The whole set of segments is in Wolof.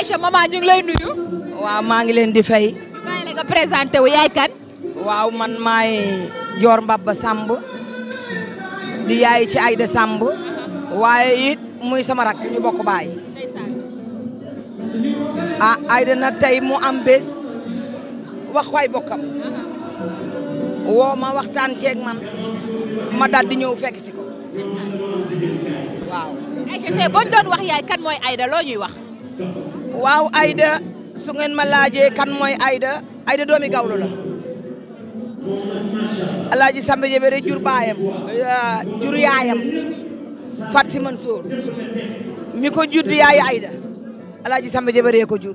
aisha mama ñu ngi lay nuyu. wa ma ngi leen di fay. maa ngi nga présenter wu yaay kan. waaw man may jor mbabba sambu di yaay ci ayda sambu waye it muy sama rak ñu bokk bay a ayda nag tay mu am bes wax way bokkam wo ma ci ak man ma dal di ñew fekk ci ko waaw. Aïcha tay bo ñu doon wax yaay kan moy ayda lo ñuy wax. Wow, Aida su ngeen kan moy Aida Aida doomi gawlu la alaaji Samba Jabare jur baayam euh, jur yaayam Fat Mansour mi ko jur Aida alaaji Samba Jabare ko jur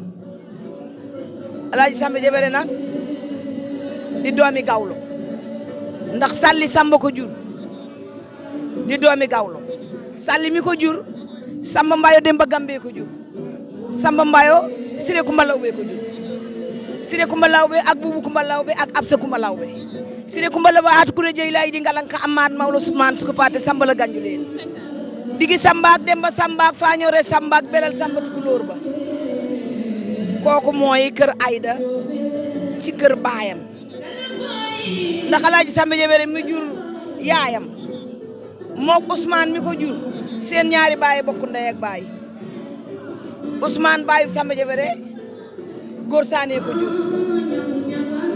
alaaji Samba Jabare na di doomi gawlu ndax Salli sambe ko jur di doomi gawlu Salli mi ko jur Samba Mbayo ba Gambe ko jur Samba mbaayo Siré Kumba Lawbe ko jur Siré Kumba Lawbe ak Buubu Kumba Lawbe ak Absa Kumba Lawbe Siré Kumba Lawbe at kure jey lay di ngalanka amaat mawlo sumaan suko paate Samba ganju leen digi Samba ak Demba Samba ak Faañoore Samba ak Belal Samba tukulóor ba kooku mooy kër Ayda ci kër baayam ndax Alaaji Samba Jabere mi jur yaayam mook Ousmane mi ko jur seen ñaari baay bokk ndey baay Ousmane Baye Samba Diabéré góor saane ko jur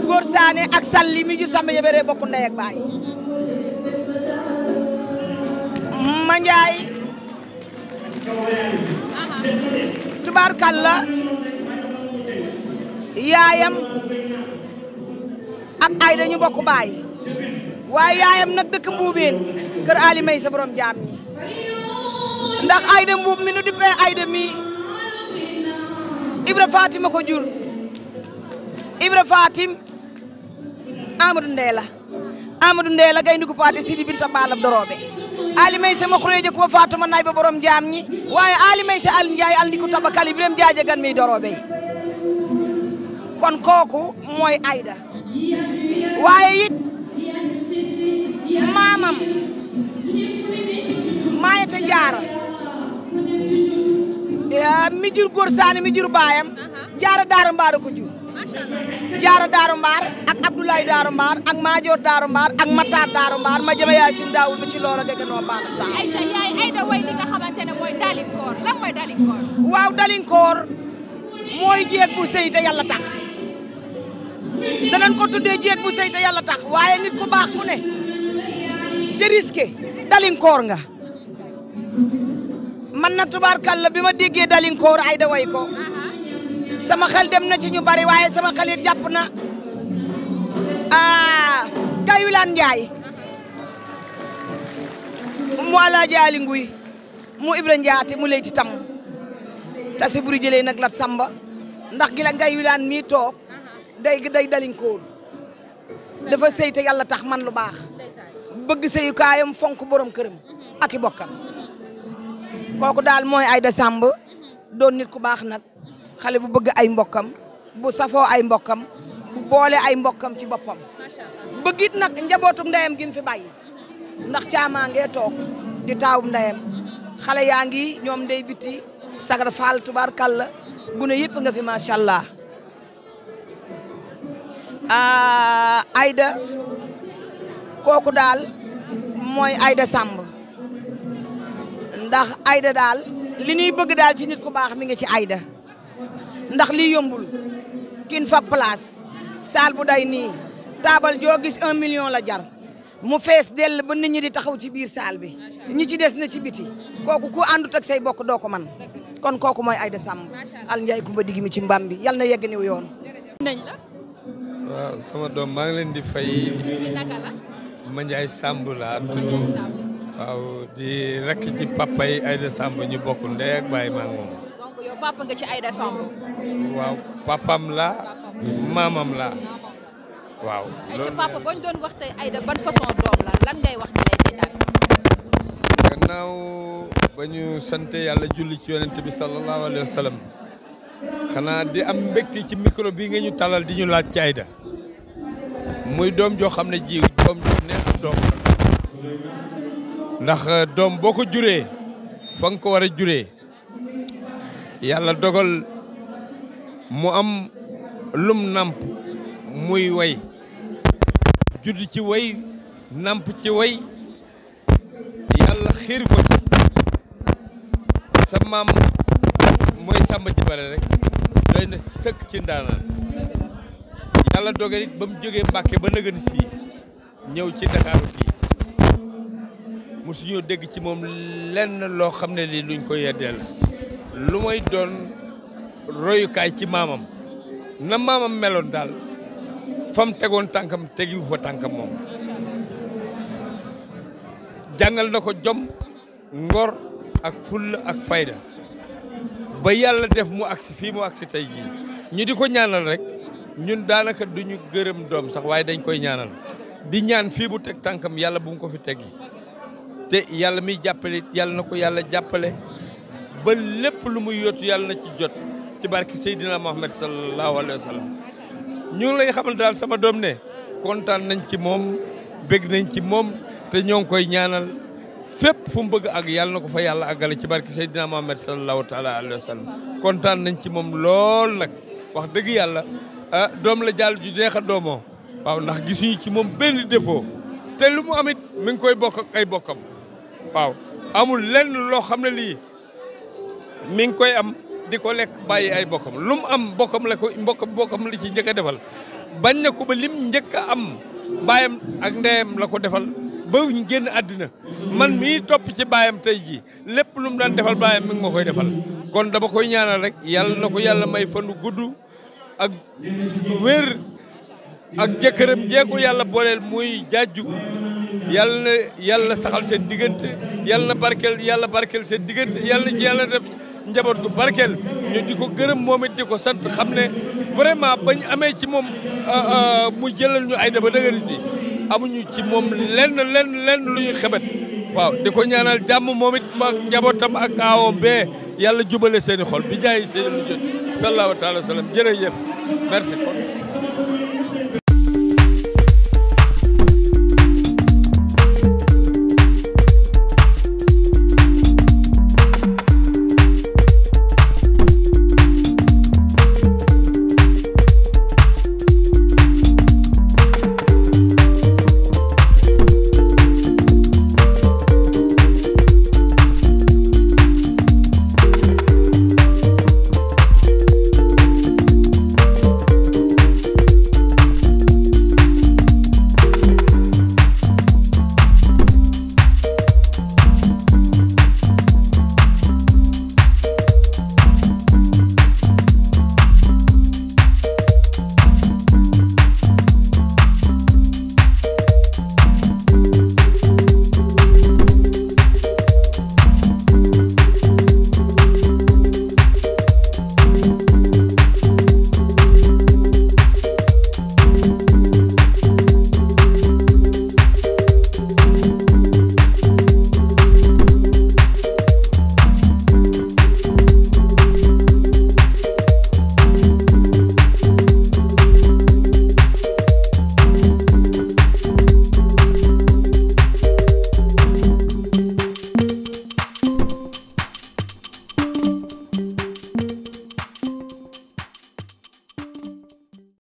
góor saane ak salli mi jur Samba Diabéré bokk ndey ak baay ma njaay tubaarkalla yaayam ak ay dañu bokk baay waaye yaayam nag dëkk mbuubeen kër Ali may sa ndax ayda mbuub mi nu dippee ayda mi Ibra Fatima ko jur Ibra Fatim Amadou Ndéla Amadou Ndéla gaynde ko paate Sidi Binta Balab Dorobe Ali Maysa ma xureeje ko Fatima nay ba borom jaam ñi waaye Ali Maysa al Njaay al ndiku tabakali biram jaaje gan mi Dorobe kon kooku mooy Aida waaye it maamam Maayata Jaara papaam mi jur góor saani mi jur baayam uh-huh. jaara daara mbaar ko jur jaara daara ak abdoulaye daara ak maajoor daara ak mataar daara mbaar ma jëma ci loola gege noo baana taa ay ca nga xamante ne mooy dalinkoor lan mooy dalinkoor waaw dalinkoor mooy jéeg bu sëy te yàlla tax danañ ko tuddee jéeg bu sëy te yàlla tax waaye nit ku baax ku ne te risqué dalinkoor nga man na tubaarkàlla bima ma dalin ko ay da way ko sama xel dem na ci ñu bari waye sama xel it jàpp na ah Kaywilaan jaay mu wala jaali Nguy mu ibrahim jaati mu Leyti Tam ta ci buri jele nak Lat Samba ndax gi la Kaywilaan mi tok day day ko dafa sëy te yàlla tax man lu bax bëgg kayam fonk borom kërëm ak bokkam kooku dal moy Aida Samb do nit ku bax nak xale bu bëgg ay mbokam bu safo ay mbokam bu bolé ay mbokam ci boppam bëggit nak njabotum ndayam giñ fi bayyi ndax chama nge tok di ndayam xale yaangi ñom ndey biti sagar fal tubarkal gune yépp nga fi machallah allah Aida koku dal moy ndax ayda dal, li ñuy bëgg dal ci nit ku baax mi ngi ci ayda ndax li yombul kin fa place sal bu day ni taabal jo gis un million la jar mu fess del ba nit ñi di taxaw ci biir sal bi ñi ci dess na ci biti koku ku andut ak say bokk doko man kon koku moy ayda sam al njaay ba digi mi ci mbam bi yal na yegg ni yoon sama dom ma ngi len di fay ma njaay sambu la waaw di rek ci papa yi Aïda Samb ñu bokk ndey ak baay maa moom. donc yow papa nga ci Aïda Samb. waaw papam la maamam la waaw. loolu ci papa bañ doon wax tey Aïda ban façon doom la lan ngay wax ñu lay seetaan. gannaaw ba ñu sant yàlla julli ci yonent bi sallallahu alayhi wa sallam di am mbégte ci micro bi nga talal di ñu laaj ci Aïda muy doom joo xam jiw doom ju neex doom la. ndax euh, doom boo ko juree fa nga ko war a juree yàlla dogal mu am lum nàmp muy way judd ci way namp ci way yàlla xiir ko ci sa maam mooy sàmba jibare rek doy na sëkk ci ndaanaan yàlla dogal it ba mu jógee Mbàkke ba nëgën sii ñëw ci Ndakaaru fii mosuñoo dégg ci moom lenn loo xam ne lii luñ ko yeddeel lu may doon royukaay ci maamam na maamam meloon daal fam tegoon tànkam tegiwu fa tànkam moom jàngal na ko jom ngor ak fulla ak fayda ba yàlla def mu agsi fii mu agsi tey jii ñu di ko ñaanal rek ñun daanaka duñu gërëm doom sax waaye dañ koy ñaanal di ñaan fii bu teg tànkam yàlla bu mu ko fi teggi te yàlla miy jàppale yàlla na ko yàlla jàppale ba lépp lu muy yot yàlla na ci jot ci barki Seydina Mohamed sallallahu alayhi wa sallam ñu lay xamal daal sama doom ne kontaan nañ ci moom bég nañ ci moom te ñoo ngi koy ñaanal fépp fu bëgg àgg yàlla na ko fa yàlla àggale ci barki Seydina Mohamed sallallahu taala alayhi wa sallam kontaan nañ ci moom lool nag wax dëgg yàlla ah, doom la jàll ju neex a doomoo waaw ndax gisuñu ci moom benn défaut te lu mu amit mi ngi koy bokk ay bokkam waaw amul lenn loo xam ne lii mi ngi koy am di ko lekk bàyyi ay bokkam lu am bokkam la ko mbokkam bokkam li ci njëkk a defal bañ na ko ba lim njëkk am baayam ak ndeyam la ko defal ba génn àddina man mii topp ci baayam tey jii lépp lu mu daan defal baayam mi ngi ma koy defal kon da koy ñaanal rek yàlla na ko yàlla may fanu gudd ak wér ak jëkkëram jeeku yàlla booleel muy jaaju yàlla na yàlla saxal seen diggante yàlla na barkeel yàlla barkeel seen diggante yàlla na njaboot gu barkeel ñu di ko gërëm moom it sant xam ne vraiment bañ amee ci moom euh, euh, mu jëlal ñu ay daba dëgëri si amuñu ci moom lenn lenn lenn lu ñu xebet waaw di ko ñaanal jàmm moom it ak tam ak aawam bee yàlla jubale seeni i xol bi jaayi seen i mujjët sallallahu taala wa sallam jërëjëf merci